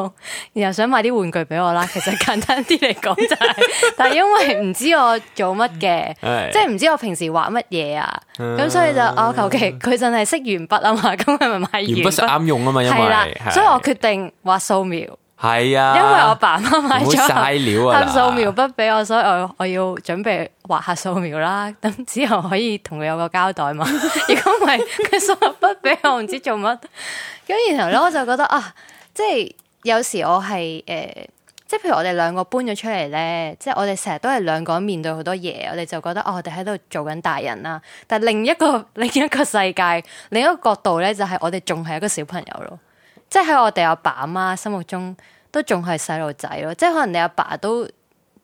然後想買啲玩具俾我啦。其實簡單啲嚟講就係、是， <laughs> 但係因為唔知我做乜嘅， <laughs> 即係唔知我平時畫乜嘢啊，咁、 <laughs> 嗯、所以就我求其佢真係識鉛筆啊嘛，咁佢咪買鉛筆就啱
用啊嘛，因係啦，所以我
決定畫素描，
係啊，因為我爸媽買咗，晒料佢素
描筆俾我，所以我要我要準備。畫下素描啦，咁之後可以同佢有個交代嘛？ <laughs> 如果唔係，佢素筆俾我唔知做乜。咁 <laughs> 然後咧，我就覺得啊，即係有時我係誒、呃，即係譬如我哋兩個搬咗出嚟咧，即係我哋成日都係兩個人面對好多嘢，我哋就覺得哦，我哋喺度做緊大人啦。但係另一個另一個世界，另一個角度咧，就係、是、我哋仲係一個小朋友咯。即係喺我哋阿爸阿媽心目中，都仲係細路仔咯。即係可能你阿爸、爸都。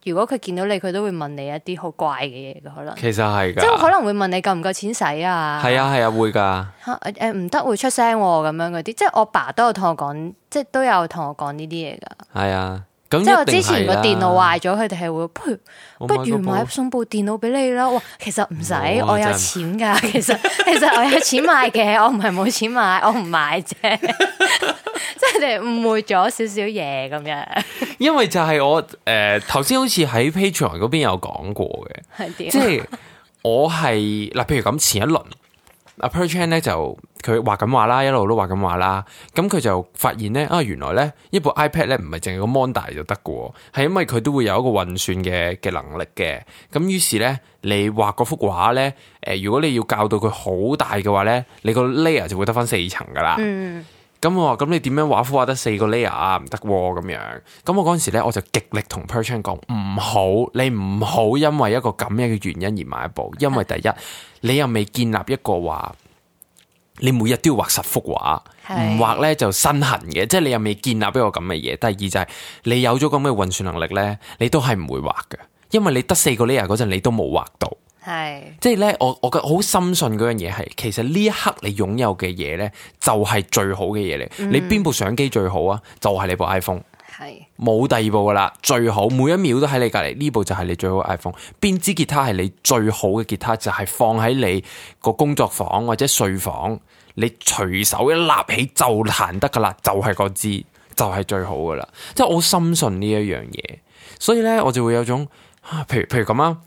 如果佢見到你，佢都會問你一啲好怪嘅嘢嘅，可能，其
實係㗎，即係可
能會問你夠唔夠錢使啊？係啊係啊，會㗎。誒唔得會出聲咁、啊、樣嗰啲，即係我爸都有同我講，即係都有同我講呢啲嘢㗎。係啊，
即係我之前個電腦壞
咗，佢哋係會不如、oh、my 不如買送部電腦俾你啦。哇，其實唔使，不我有錢㗎。真 其實， <laughs> 其實，其實我有錢買嘅，我唔係冇錢買，我唔買啫。 <laughs> 即係你誤會咗少少嘢咁樣，
因為就係我誒頭先好似喺 Patreon 嗰邊有講過嘅， <laughs> 即係我係嗱，譬如咁前一輪啊 <laughs> Perchan 咧，就佢畫緊畫啦，一路都畫緊畫啦，咁佢就發現咧啊，原來咧一部 iPad 咧唔係淨係個 Mon 大就得嘅，係因為佢都會有一個運算嘅嘅能力嘅，咁於是咧你畫嗰幅畫咧誒，如果你要教到佢好大嘅話咧，你個 layer 就會得翻四層噶啦。嗯。咁我話咁，你點樣畫幅畫得四個 layer 啊？唔得咁樣。咁我嗰陣時咧，我就極力同 person 講唔好，你唔好因為一個咁嘅原因而買一部。因為第一，你又未建立一個話你每日都要畫十幅畫，唔畫咧就身痕嘅，即係你又未建立一個咁嘅嘢。第二就係、是、你有咗咁嘅運算能力咧，你都係唔會畫嘅，因為你得四個 layer 嗰陣，你都冇畫到。係，即係咧，我我覺好深信嗰樣嘢係，其實呢一刻你擁有嘅嘢咧，就係最好嘅嘢嚟。嗯、你邊部相機最好啊？就係、是、你部 iPhone，
係
冇是第二部噶啦，最好每一秒都喺你隔籬呢部就係你最好 iPhone。邊支吉他係你最好嘅吉他，就係、是、放喺你個工作房或者睡房，你隨手一立起就彈得噶啦，就係、是、個支，就係、是、最好噶啦。即係我深信呢一樣嘢，所以咧我就會有種，譬如譬如咁啊。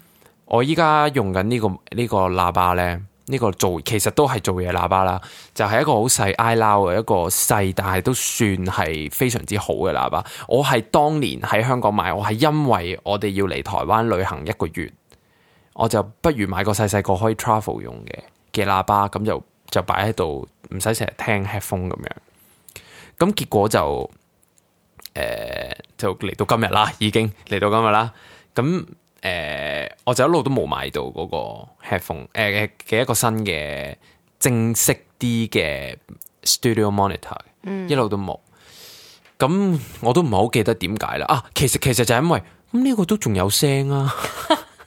我依家用緊、呢個、呢個呢、呢個喇叭咧，呢、呢個做其實都係做嘢喇叭啦，就係、係、一個好細 iLoud 嘅一個細，但係都算係非常之好嘅喇叭。我係當年喺香港買，我係因為我哋要嚟台灣旅行一個月，我就不如買個細細個可以 travel 用嘅嘅喇叭，咁就就擺喺度，唔使成日聽 headphone 咁樣。咁結果就誒、呃，就嚟到今日啦，已經嚟到今日啦，咁。誒，uh, 我就一路都冇買到嗰個 headphone，誒、呃、嘅一個新嘅正式啲嘅 studio monitor，mm. 一路都冇，咁我都唔係好記得點解啦。啊，其實其實就係因為咁呢個都仲有聲啊，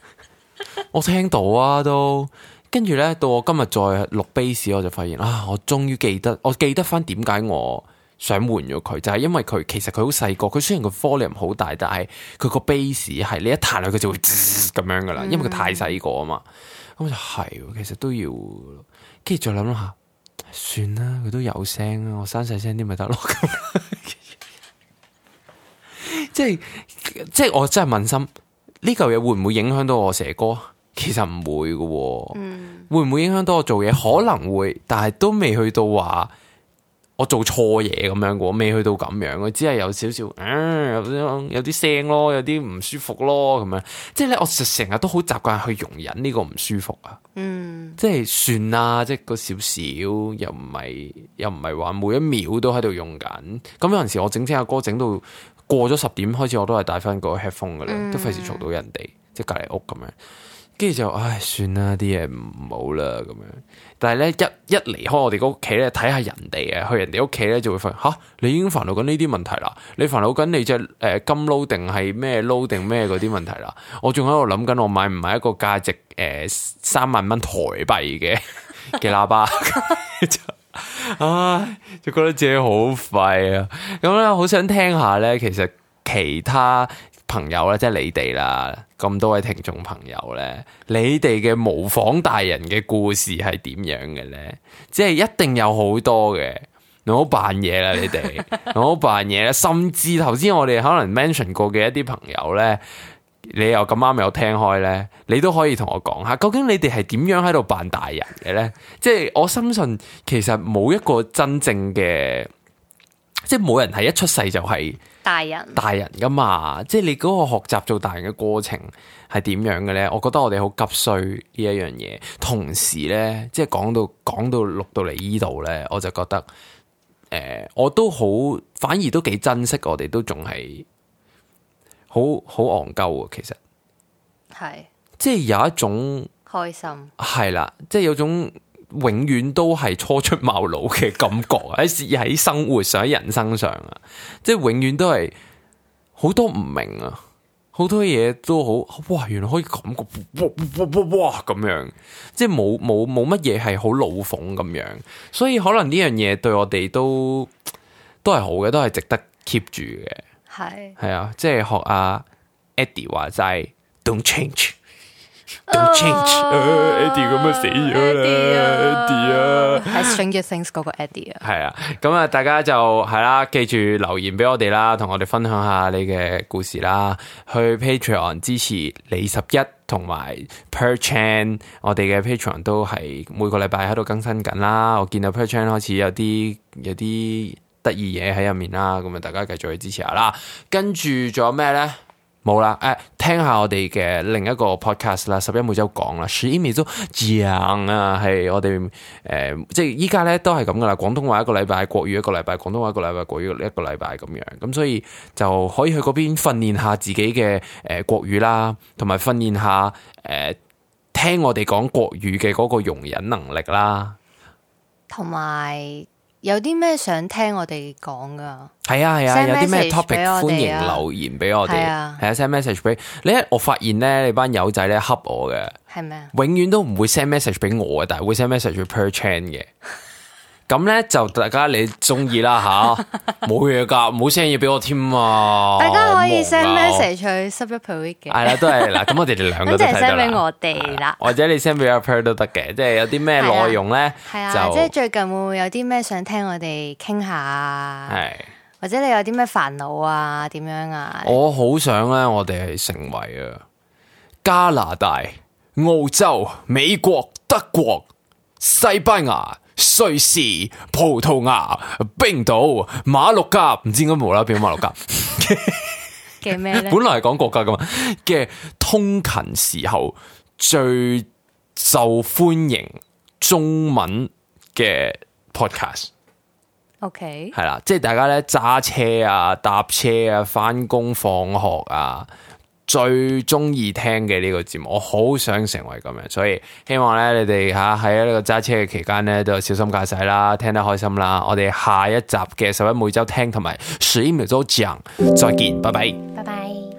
<laughs> 我聽到啊都，跟住咧到我今日再錄 base，我就發現啊，我終於記得，我記得翻點解我。想換咗佢，就係、是、因為佢其實佢好細個，佢雖然個 volume 唔好大，但係佢個 base 係你一彈落佢就會咁樣噶啦，因為佢太細個啊嘛。咁、mm hmm. 就係，其實都要，跟住再諗下，算啦，佢都有聲啊，我聲細聲啲咪得咯。即係即係我真係問心，呢嚿嘢會唔會影響到我寫歌？其實唔會噶、哦，嗯、mm，hmm. 會唔會影響到我做嘢？可能會，但係都未去到話。我做錯嘢咁樣嘅，我未去到咁樣，我只係有少少，嗯，有啲有啲聲咯，有啲唔舒服咯，咁樣，即係咧，我成日都好習慣去容忍呢個唔舒服啊，嗯，即係算啦，即係個少少，又唔係又唔係話每一秒都喺度用緊，咁有陣時我整聽下歌，整到過咗十點開始，我都係戴翻個 headphone 嘅喇，嗯、都費事嘈到人哋，即係隔籬屋咁樣。跟住就，唉，算啦，啲嘢唔好啦，咁樣。但係咧，一一離開我哋個屋企咧，睇下人哋啊，去人哋屋企咧，就會發現，吓、啊，你已經煩惱緊呢啲問題啦，你煩惱緊你隻誒金撈定係咩撈定咩嗰啲問題啦。我仲喺度諗緊，我買唔買一個價值誒三萬蚊台幣嘅嘅喇叭？唉、 <laughs> <laughs> <laughs> <laughs> 啊，就覺得自己好廢啊。咁咧，好想聽下咧，其實其他。朋友啦，即係你哋啦，咁多位聽眾朋友咧，你哋嘅模仿大人嘅故事係點樣嘅咧？即係一定有好多嘅，你好扮嘢啦， <laughs> 你哋，你好扮嘢啦，甚至頭先我哋可能 mention 過嘅一啲朋友咧，你又咁啱有聽開咧，你都可以同我講下，究竟你哋係點樣喺度扮大人嘅咧？即係我深信，其實冇一個真正嘅，即係冇人係一出世就係、是。大人，大人㗎嘛，即係你嗰個學習做大人嘅過程係點樣嘅咧？我覺得我哋好急需呢一樣嘢，同時咧，即係講到講到錄到嚟依度咧，我就覺得，誒、呃，我都好，反而都幾珍惜我，我哋都仲係好好戇鳩啊，其實係，是即係有一種開心，係啦，即係有種。永遠都係初出茅廬嘅感覺，喺喺生活上，喺人生上啊，即係永遠都係好多唔明啊，好多嘢都好哇，原來可以咁個哇哇哇哇咁樣，即係冇冇冇乜嘢係好老奉咁樣，所以可能呢樣嘢對我哋都都係好嘅，都係值得 keep 住嘅。係係是啊，即係學阿 Eddie 話齋，Don't change。Don't change，Eddie 咁樣，死咗 Eddie 啊，係、uh，《Stranger
Things》嗰個 Eddie
啊。係啊，咁啊，大家就係啦，啊，記住留言俾我哋啦，同我哋分享下你嘅故事啦。去 Patreon 支持李拾壹同埋 Per Chan，我哋嘅 Patreon 都係每個禮拜喺度更新緊啦。我見到 Per Chan 好似有啲有啲得意嘢喺入面啦，咁啊，大家繼續去支持下啦。跟住仲有咩咧？冇啦，誒、哎，聽下我哋嘅另一個 podcast 啦，拾壹每週講啦，拾壹每週樣啊，係我哋誒，即係依家咧都係咁噶啦，廣東話一個禮拜，國語一個禮拜，廣東話一個禮拜，國語一個禮拜咁樣，咁、嗯、所以就可以去嗰邊訓練下自己嘅誒、呃、國語啦，同埋訓練下誒、呃、聽我哋講國語嘅嗰個容忍能力啦，
同埋。有啲咩想聽我哋講噶？
係啊，係啊，有啲咩 topic 歡迎留言俾我哋。係啊，send message 俾你。我發現咧，你班友仔咧恰我嘅。係咩嗎？永遠都唔會 send message 俾我嘅，但係會 send message 去 per chain 嘅。 <laughs> 咁咧就大家你中意啦吓，冇嘢噶，冇聲要俾我添啊！ <laughs> 大家可以 send message
去 subscribe 俾我嘅。係啦、啊， <laughs> 都係啦。
咁、啊、我哋哋兩個即係 send 俾我
哋啦， <laughs> 或
者你 send 俾阿 Per 都得嘅， <laughs> 即係有啲咩內容咧？係 <laughs> 啊，就即係
最近會唔會有啲咩想聽我哋傾下啊？
係，
或者你有啲咩煩惱啊？點樣啊？
我好想咧，我哋係成為啊加拿大、澳洲、美國、德國、西班牙。瑞士、葡萄牙、冰島、馬六甲，唔知點解無啦變馬六甲嘅咩咧？ <laughs> 呢 <laughs> 本來係講國家噶嘛，嘅通勤時候最受歡迎中文嘅 podcast。
OK，
係啦，即係大家咧揸車啊、搭車啊、翻工、放學啊。最中意聽嘅呢個節目，我好想成為咁樣，所以希望咧你哋吓喺呢個揸車嘅期間咧都有小心駕駛啦，聽得開心啦。我哋下一集嘅十一每周聽同埋十一每周講，再見，拜拜，拜拜。